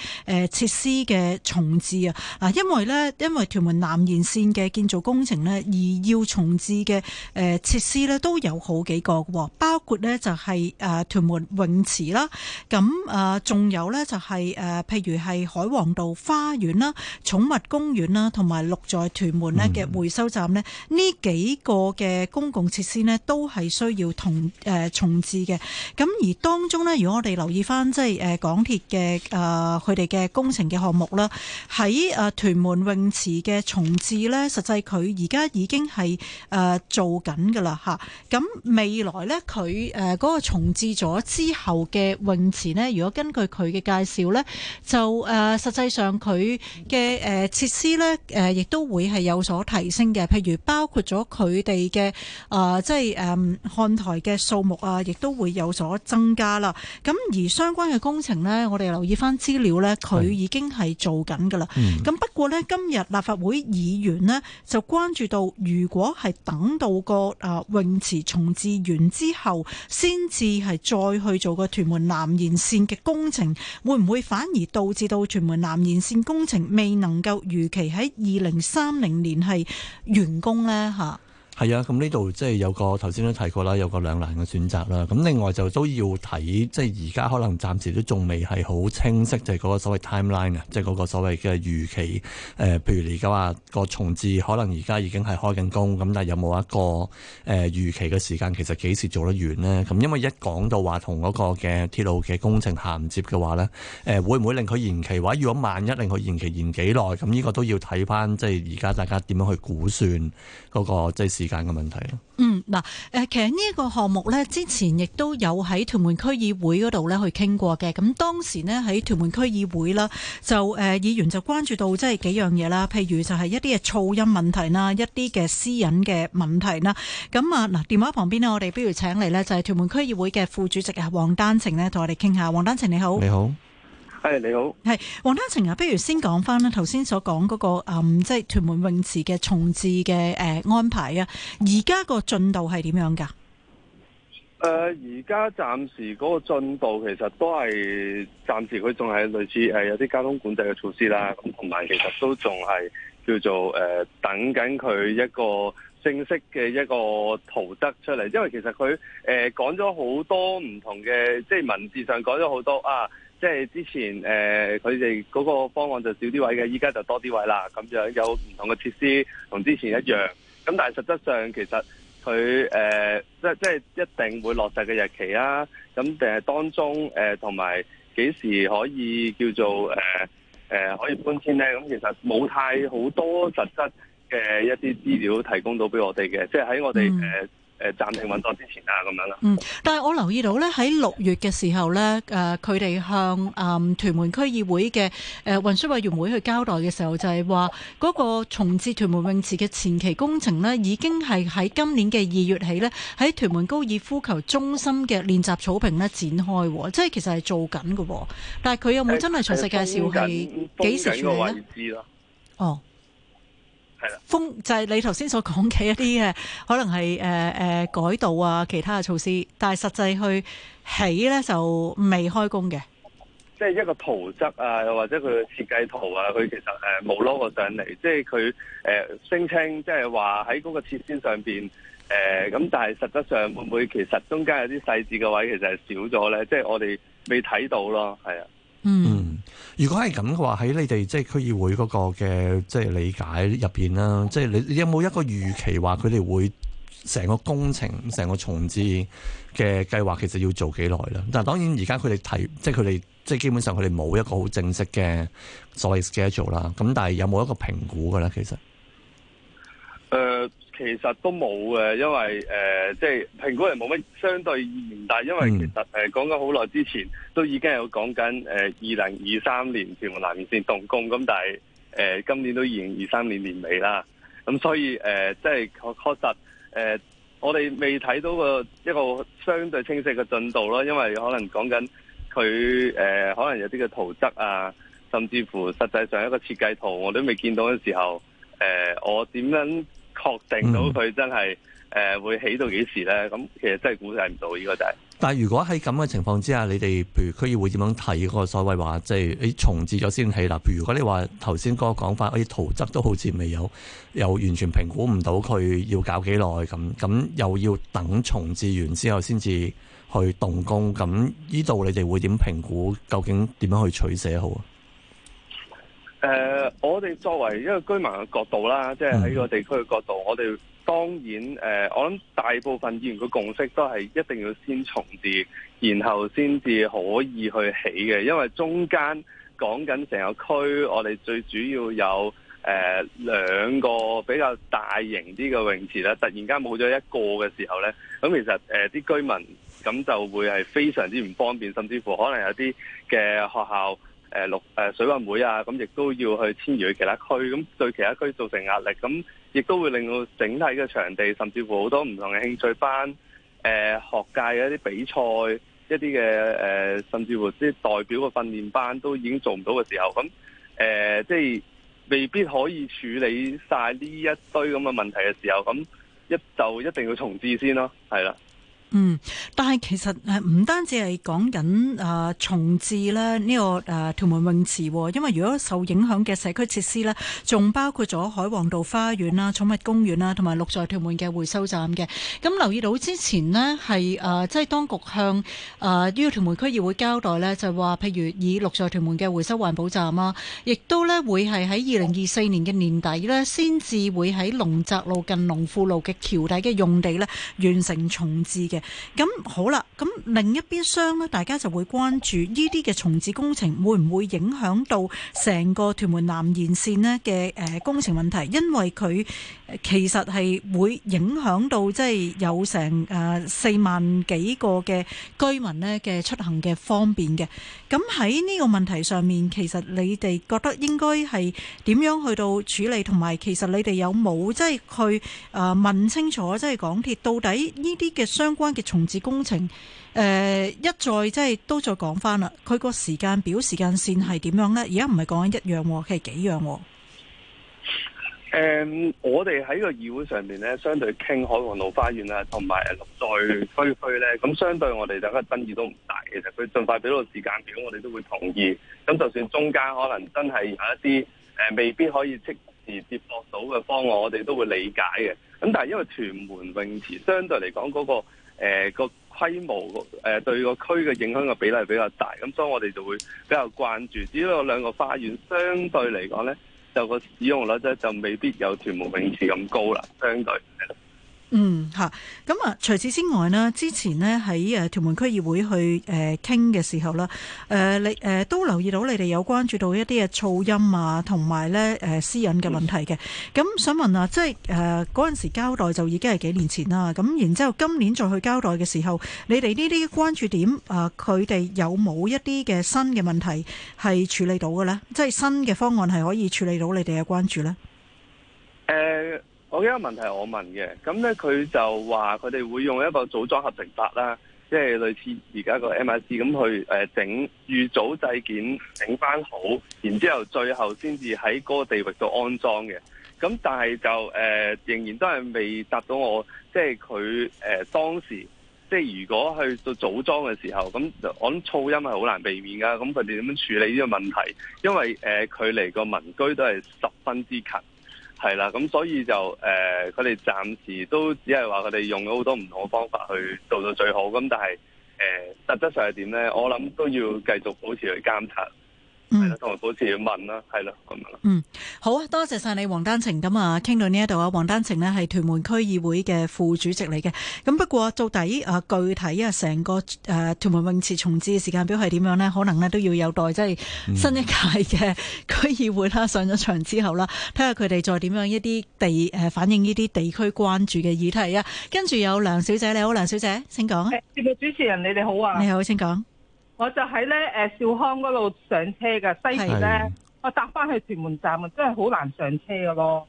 誒設施嘅重置啊。嗱，因為呢，因為屯門南延線嘅建造工程呢，而要重置嘅誒設施呢，都有好幾個，包。包括咧就係誒屯門泳池啦，咁誒仲有咧就係誒譬如係海皇道花園啦、寵物公園啦，同埋六在屯門咧嘅回收站咧，呢、嗯、幾個嘅公共設施咧都係需要同誒重置嘅。咁而當中咧，如果我哋留意翻即係誒港鐵嘅誒佢哋嘅工程嘅項目啦，喺誒屯門泳池嘅重置咧，實際佢而家已經係誒做緊噶啦吓，咁未來咧佢。佢、呃、誒、嗰個重置咗之後嘅泳池咧，如果根據佢嘅介紹咧，就誒、呃、實際上佢嘅誒設施咧，誒、呃、亦都會係有所提升嘅，譬如包括咗佢哋嘅誒即係誒、呃、看台嘅數目啊，亦都會有所增加啦。咁而相關嘅工程咧，我哋留意翻資料咧，佢已經係做緊噶啦。咁不過咧，今日立法會議員咧就關注到，如果係等到個誒泳池重置完之後。先至係再去做個屯門南延線嘅工程，會唔會反而導致到屯門南延線工程未能夠預期喺二零三零年係完工呢？吓？係啊，咁呢度即係有個頭先都提過啦，有個兩難嘅選擇啦。咁另外就都要睇，即係而家可能暫時都仲未係好清晰，就係嗰個所謂 timeline 啊，即係嗰個所謂嘅預期。誒，譬如你而家話個重置，可能而家已經係開緊工，咁但係有冇一個誒預期嘅時間，其實幾時做得完呢？咁因為一講到話同嗰個嘅鐵路嘅工程銜接嘅話咧，誒會唔會令佢延期？或者如果萬一令佢延期延幾耐？咁呢個都要睇翻，即係而家大家點樣去估算嗰個即係時時間嘅問題咯。嗯，嗱，誒，其實呢個項目咧，之前亦都有喺屯門區議會嗰度咧去傾過嘅。咁當時呢，喺屯門區議會啦，就誒，議員就關注到即係幾樣嘢啦，譬如就係一啲嘅噪音問題啦，一啲嘅私隱嘅問題啦。咁啊，嗱，電話旁邊呢，我哋不如請嚟呢，就係屯門區議會嘅副主席啊，黃丹晴呢，同我哋傾下。黃丹晴你好。你好。誒、hey,，你好，係黃丹晴啊！不如先講翻咧，頭先所講嗰個誒，即、就、係、是、屯門泳池嘅重置嘅誒、呃、安排啊，而家、呃、個進度係點樣噶？誒，而家暫時嗰個進度其實都係暫時，佢仲係類似係有啲交通管制嘅措施啦。咁同埋其實都仲係叫做誒、呃、等緊佢一個正式嘅一個圖則出嚟，因為其實佢誒講咗好多唔同嘅，即係文字上講咗好多啊。即係之前誒，佢哋嗰個方案就少啲位嘅，依家就多啲位啦。咁樣有唔同嘅設施，同之前一樣。咁但係實質上其實佢誒、呃，即即係一定會落實嘅日期啊。咁定係當中誒，同埋幾時可以叫做誒誒、呃呃、可以搬遷咧？咁其實冇太好多實質嘅一啲資料提供到俾我哋嘅，即係喺我哋誒。嗯誒暫停運作之前啊，咁樣啦。嗯，但係我留意到呢，喺六月嘅時候呢，誒佢哋向誒、嗯、屯門區議會嘅誒、呃、運輸委員會去交代嘅時候，就係話嗰個重置屯門泳池嘅前期工程呢，已經係喺今年嘅二月起呢，喺屯門高爾夫球中心嘅練習草坪呢展開，即係其實係做緊㗎。但係佢有冇真係詳細介紹係幾時處理呢？哦。風就係、是、你頭先所講嘅一啲嘅，可能係誒誒改道啊，其他嘅措施，但係實際去起咧，就未開工嘅。即係一個圖則啊，或者佢嘅設計圖啊，佢其實誒冇攞過上嚟。即係佢誒聲稱，即係話喺嗰個設施上邊誒咁，但係實質上會唔會其實中間有啲細節嘅位，其實係少咗咧？即係我哋未睇到咯，係啊。嗯。如果係咁嘅話，喺你哋即係區議會嗰個嘅即係理解入邊啦，即係你你有冇一個預期話佢哋會成個工程、成個重置嘅計劃其實要做幾耐咧？但係當然而家佢哋提，即係佢哋即係基本上佢哋冇一個好正式嘅所謂 schedule 啦。咁但係有冇一個評估嘅咧？其實，誒、uh...。其實都冇嘅，因為誒，即、呃、係、就是、評估係冇乜相對意義。但係因為其實誒、嗯呃、講緊好耐之前，都已經有講緊誒二零二三年全部南面線動工。咁但係、呃、今年都二零二三年年尾啦。咁所以誒，即係確確實、呃、我哋未睇到個一個相對清晰嘅進度咯。因為可能講緊佢誒，可能有啲嘅圖則啊，甚至乎實際上一個設計圖我都未見到嘅時候，誒、呃、我點樣？確定到佢真係誒會起到幾時咧？咁其實真係估計唔到，依個就係。但係如果喺咁嘅情況之下，你哋譬如區議會點樣睇嗰個所謂話，即係你重置咗先起立。如果你話頭先嗰個講法，啲圖則都好似未有，又完全評估唔到佢要搞幾耐咁，咁又要等重置完之後先至去動工。咁依度你哋會點評估？究竟點樣去取捨好啊？誒、呃，我哋作為一個居民嘅角度啦，即係喺個地區嘅角度，我哋當然誒、呃，我諗大部分議員嘅共識都係一定要先重置，然後先至可以去起嘅。因為中間講緊成個區，我哋最主要有誒兩、呃、個比較大型啲嘅泳池啦，突然間冇咗一個嘅時候呢，咁其實啲、呃、居民咁就會係非常之唔方便，甚至乎可能有啲嘅學校。誒六誒水運會啊，咁亦都要去遷移去其他區，咁對其他區造成壓力，咁亦都會令到整體嘅場地，甚至乎好多唔同嘅興趣班、誒、呃、學界嘅一啲比賽、一啲嘅誒，甚至乎即係代表嘅訓練班都已經做唔到嘅時候，咁誒、呃、即係未必可以處理晒呢一堆咁嘅問題嘅時候，咁一就一定要重置先咯，係啦。嗯，但係其實誒唔單止係講緊誒重置咧、這、呢個誒屯、啊、門泳池，因為如果受影響嘅社區設施咧，仲包括咗海皇道花園啦、寵物公園啦，同埋綠在屯門嘅回收站嘅。咁、嗯、留意到之前咧係誒即係當局向呢、呃這個屯門區議會交代咧，就係話譬如以綠在屯門嘅回收環保站啊，亦都咧會係喺二零二四年嘅年底咧，先至會喺龍澤路近龍富路嘅橋底嘅用地咧完成重置嘅。咁好啦，咁另一邊廂呢，大家就會關注呢啲嘅重置工程會唔會影響到成個屯門南延綫呢嘅誒工程問題，因為佢其實係會影響到即係有成誒四萬幾個嘅居民呢嘅出行嘅方便嘅。咁喺呢個問題上面，其實你哋覺得應該係點樣去到處理，同埋其實你哋有冇即係去誒問清楚，即係港鐵到底呢啲嘅相關。關嘅重置工程，誒、呃、一再即係都再講翻啦。佢個時間表時、時間綫係點樣咧？而家唔係講緊一樣，佢係幾樣。誒、嗯，我哋喺個議會上面咧，相對傾海皇路花園啊，同埋綠翠區居咧，咁相對我哋大家爭議都唔大。其實佢盡快俾個時間表，我哋都會同意。咁就算中間可能真係有一啲誒，未必可以即時接駁到嘅方案，我哋都會理解嘅。咁但係因為屯門泳池相對嚟講嗰個。誒、呃、個規模誒、呃、對個區嘅影響嘅比例比較大，咁所以我哋就會比較關注。至於個兩個花園，相對嚟講呢，就個使用率咧就，就未必有屯門泳池咁高啦，相對。嗯吓，咁、嗯、啊，除此之外咧，之前咧喺誒屯門區議會去誒傾嘅時候啦，誒你誒都留意到你哋有關注到一啲嘅噪音啊，同埋咧誒私隱嘅問題嘅。咁、嗯、想問啊，即係誒嗰陣時交代就已經係幾年前啦。咁然之後今年再去交代嘅時候，你哋呢啲關注點啊，佢、呃、哋有冇一啲嘅新嘅問題係處理到嘅呢？即係新嘅方案係可以處理到你哋嘅關注呢？誒、呃。我依家問題係我問嘅，咁呢，佢就話佢哋會用一個組裝合成法啦，即係類似而家個 MIC 咁去誒整預組製件整翻好，然之後最後先至喺嗰個地域度安裝嘅。咁但係就誒、呃、仍然都係未答到我即係佢誒當時即係、就是、如果去到組裝嘅時候，咁我諗噪音係好難避免㗎。咁佢哋點樣處理呢個問題？因為誒、呃、距離個民居都係十分之近。係啦，咁所以就誒，呃、佢哋暫時都只係話佢哋用咗好多唔同嘅方法去做到最好，咁但係誒、呃，實質上係點咧？我諗都要繼續保持去監察。係、嗯、啦，同埋保持要問啦，係啦咁咯。嗯，好啊，多謝晒你，黃丹晴。咁啊，傾到呢一度啊，黃丹晴呢，係屯門區議會嘅副主席嚟嘅。咁不過到底啊，具體啊，成個誒屯門泳池重置嘅時間表係點樣呢？可能呢，都要有待即係新一屆嘅區議會啦上咗場之後啦，睇下佢哋再點樣一啲地反映呢啲地區關注嘅議題啊。跟住有梁小姐你好，梁小姐請講啊。誒，直、hey, 主持人，你哋好啊。你好，請講。我就喺咧誒，兆、呃、康嗰度上車㗎。西鐵咧，我搭翻去屯門站啊，真係好難上車㗎咯，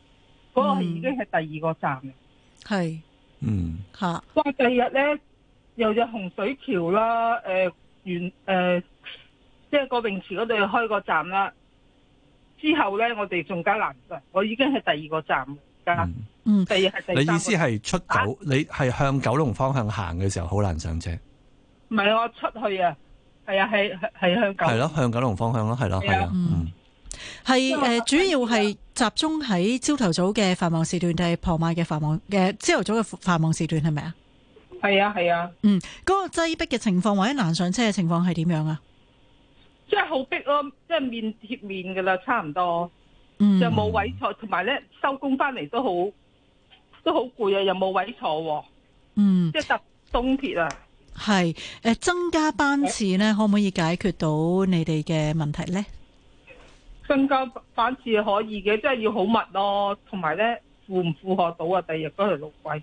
嗰、嗯嗰個已經係第二個站係，係，嗯，吓。再第二日咧，又有洪水橋啦，誒、呃，原、呃、誒，即係個泳池嗰度開個站啦。之後咧，我哋仲加難上。我已經係第二個站啦。嗯，第二係第三個站。你意思係出九，你係向九龍方向行嘅時候好難上車？唔、啊、係我出去啊！係啊，係係、啊、向九，係咯向九龍方向咯，係咯係啊，嗯，係誒、呃，主要係集中喺朝頭早嘅繁忙時段定係傍晚嘅繁忙嘅朝頭早嘅繁忙時段係咪啊？係啊係啊，嗯，嗰、那個擠逼嘅情況或者難上車嘅情況係點樣啊、就是？即係好逼咯，即係面貼面噶啦，差唔多，嗯，就冇位坐，同埋咧收工返嚟都好，都好攰啊，又冇位坐，嗯，即係搭東鐵啊。係誒，增加班次呢，可唔可以解決到你哋嘅問題呢？增加班次可以嘅，即係要好密咯，同埋呢，符唔符合到啊？第日嗰條路軌，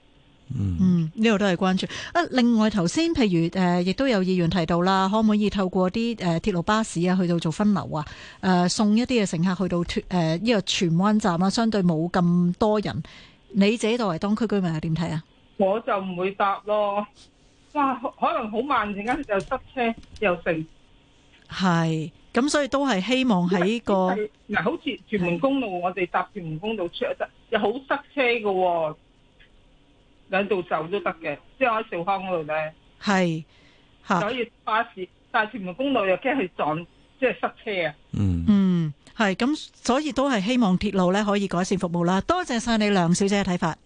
嗯，呢度都係關注啊。另外，頭先譬如誒，亦、呃、都有議員提到啦，可唔可以透過啲誒鐵路巴士啊，去到做分流啊？誒、呃，送一啲嘅乘客去到脫誒呢個荃灣站啊，相對冇咁多人。你自己作為當區居民係點睇啊？我就唔會答咯。哇，可能好慢，陣間又塞車又盛。係，咁所以都係希望喺、這個，嗱，好似屯門公路，我哋搭屯門公路出又好塞車㗎，兩度走都得嘅，即係喺兆康嗰度咧。係，吓。所以巴士搭屯門公路又驚去撞，即、就、係、是、塞車啊。嗯嗯，係，咁所以都係希望鐵路咧可以改善服務啦。多謝晒你梁小姐嘅睇法。